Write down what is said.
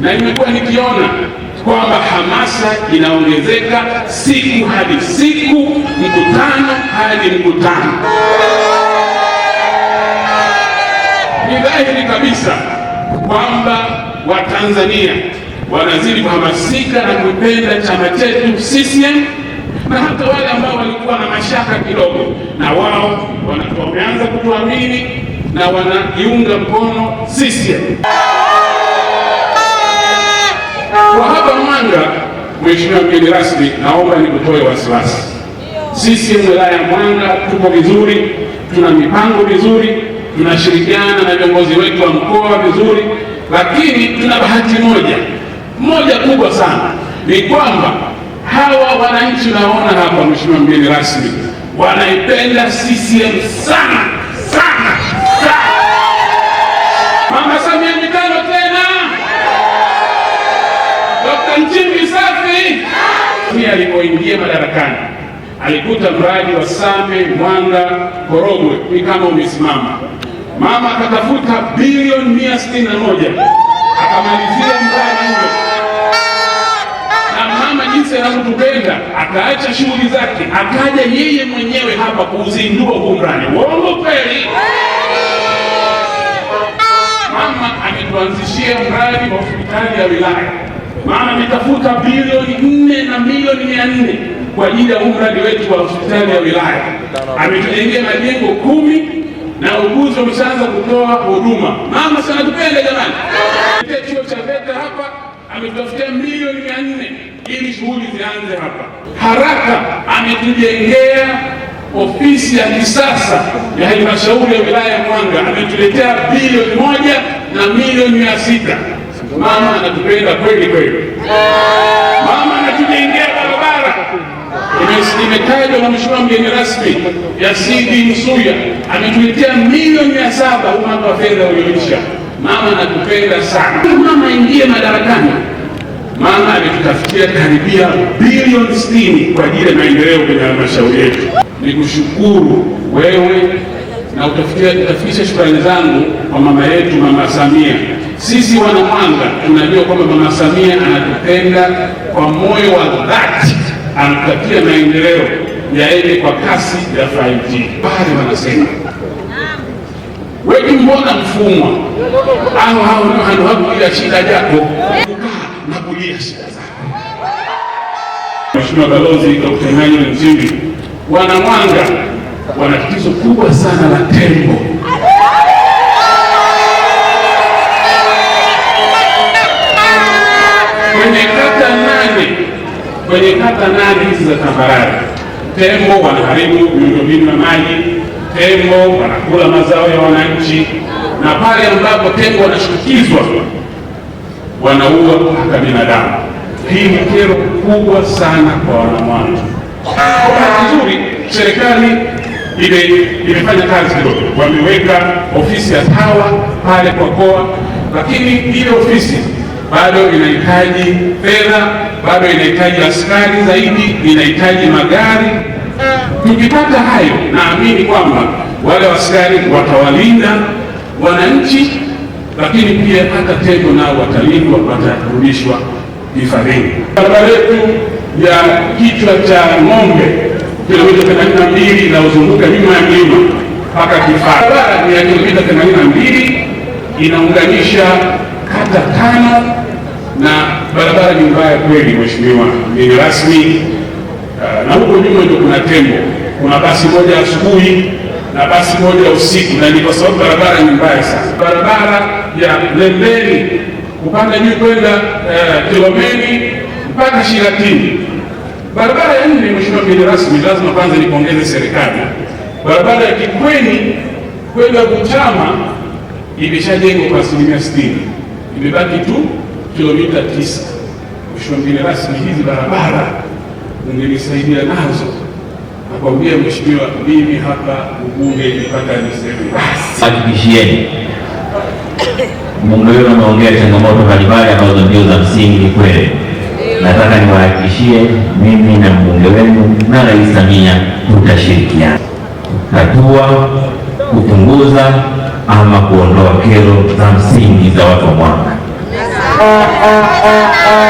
na nimekuwa nikiona kwamba hamasa inaongezeka siku hadi siku, mkutano hadi mkutano. Ni dhahiri kabisa kwamba Watanzania wanazidi kuhamasika na kupenda chama chetu CCM, na hata wale ambao walikuwa na mashaka kidogo, na wao wameanza kutuamini na wanaiunga mkono CCM. Kwa hapa Mwanga, Mheshimiwa mgeni rasmi, naomba nikutoe wasiwasi. Sisi wilaya ya Mwanga tuko vizuri, tuna mipango vizuri, tunashirikiana na viongozi wetu wa mkoa vizuri, lakini tuna bahati moja moja kubwa sana, ni kwamba hawa wananchi naona hapa, Mheshimiwa mgeni rasmi, wanaipenda CCM sana alipoingia madarakani alikuta mradi wa Same Mwanga Korogwe ni kama umesimama. Mama akatafuta bilioni mia sitini na moja akamalizia mradi huo, na mama jinsi anavyotupenda akaacha shughuli zake akaja yeye mwenyewe hapa kuuzindua huu mradi. Uongo kweli? Mama ametuanzishia mradi wa hospitali ya wilaya maana ametafuta bilioni nne na milioni mia nne kwa ajili ya huu mradi wetu wa hospitali ya wilaya. Ametujengea majengo kumi na uguzi wameshaanza kutoa huduma. Mama sana tupende jamani, chuo cha VETA hapa ametutafutia milioni mia nne ili shughuli zianze hapa haraka. Ametujengea ofisi ya kisasa ya halmashauri ya wilaya ya Mwanga, ametuletea bilioni moja na milioni mia sita. Mama anatupenda kweli kweli, mama anatujengea barabara. Imetajwa na mheshimiwa mgeni rasmi Yazidi Msuya ametuletea milioni mia saba huu wa fedha ulioisha. Mama anatupenda sana. Mama ingie madarakani, mama ametutafikia karibia bilioni sitini kwa ajili ya maendeleo kwenye halmashauri yetu. Nikushukuru wewe na utafikishe shukrani zangu kwa mama yetu, Mama Samia. Sisi wana Mwanga tunajua kwamba Mama Samia anatupenda kwa moyo wa dhati, anatakia maendeleo yaende kwa kasi ya 5G. Bali wanasema wewe mbona mfumwa? au hao ndio hao hakulia shida yako na kulia shida zako. Mheshimiwa Balozi Dr. Emmanuel Nchimbi, wana Mwanga wana tatizo kubwa sana la tembo. Kwenye kata nane kwenye kata nane hizi za tambarare, tembo wanaharibu miundombinu ya maji, tembo wanakula mazao ya wananchi, na pale ambapo tembo wanashtukizwa wanaua hata binadamu. Hii ni kero kubwa sana kwa Wanamwanza. Kwa bahati nzuri serikali imefanya kazi kidogo, wameweka ofisi ya TAWA pale koa, lakini ile ofisi bado inahitaji fedha, bado inahitaji askari zaidi, inahitaji magari. Tukipata hayo, naamini kwamba wale askari watawalinda wananchi, lakini pia hata tembo nao watalindwa, watarudishwa hifadhini. Barabara yetu ya kichwa cha ng'ombe kilomita 82 inayozunguka nyuma ya mlima mpaka Kifaa. Barabara ni ya kilomita 82 inaunganisha kata tano, na barabara ni mbaya kweli, mheshimiwa mgeni rasmi. Uh, na huko nyuma ndio kuna tembo, kuna basi moja asubuhi na basi moja usiku, na ni kwa sababu barabara ni mbaya sana. Barabara ya Lembeni kupanda juu kwenda uh, Kilomeni mpaka Shiratini Barabara ya nne, mheshimiwa mgeni rasmi, lazima kwanza nipongeze serikali. Barabara ya Kikweni kwenda kuchama imeshajengwa kwa asilimia sitini, imebaki tu kilomita tisa. Mheshimiwa mgeni rasmi, hizi barabara ungenisaidia nazo, nakwambia mheshimiwa, mimi hapa ubunge mpaka niseme basi, hakikishieni mbunge wenu ameongea changamoto mbalimbali ambazo ndio za msingi kweli nataka niwahakikishie mimi na mbunge wenu na Rais Samia tutashirikiana hatua kupunguza ama kuondoa kero za msingi za watu wa Mwanga.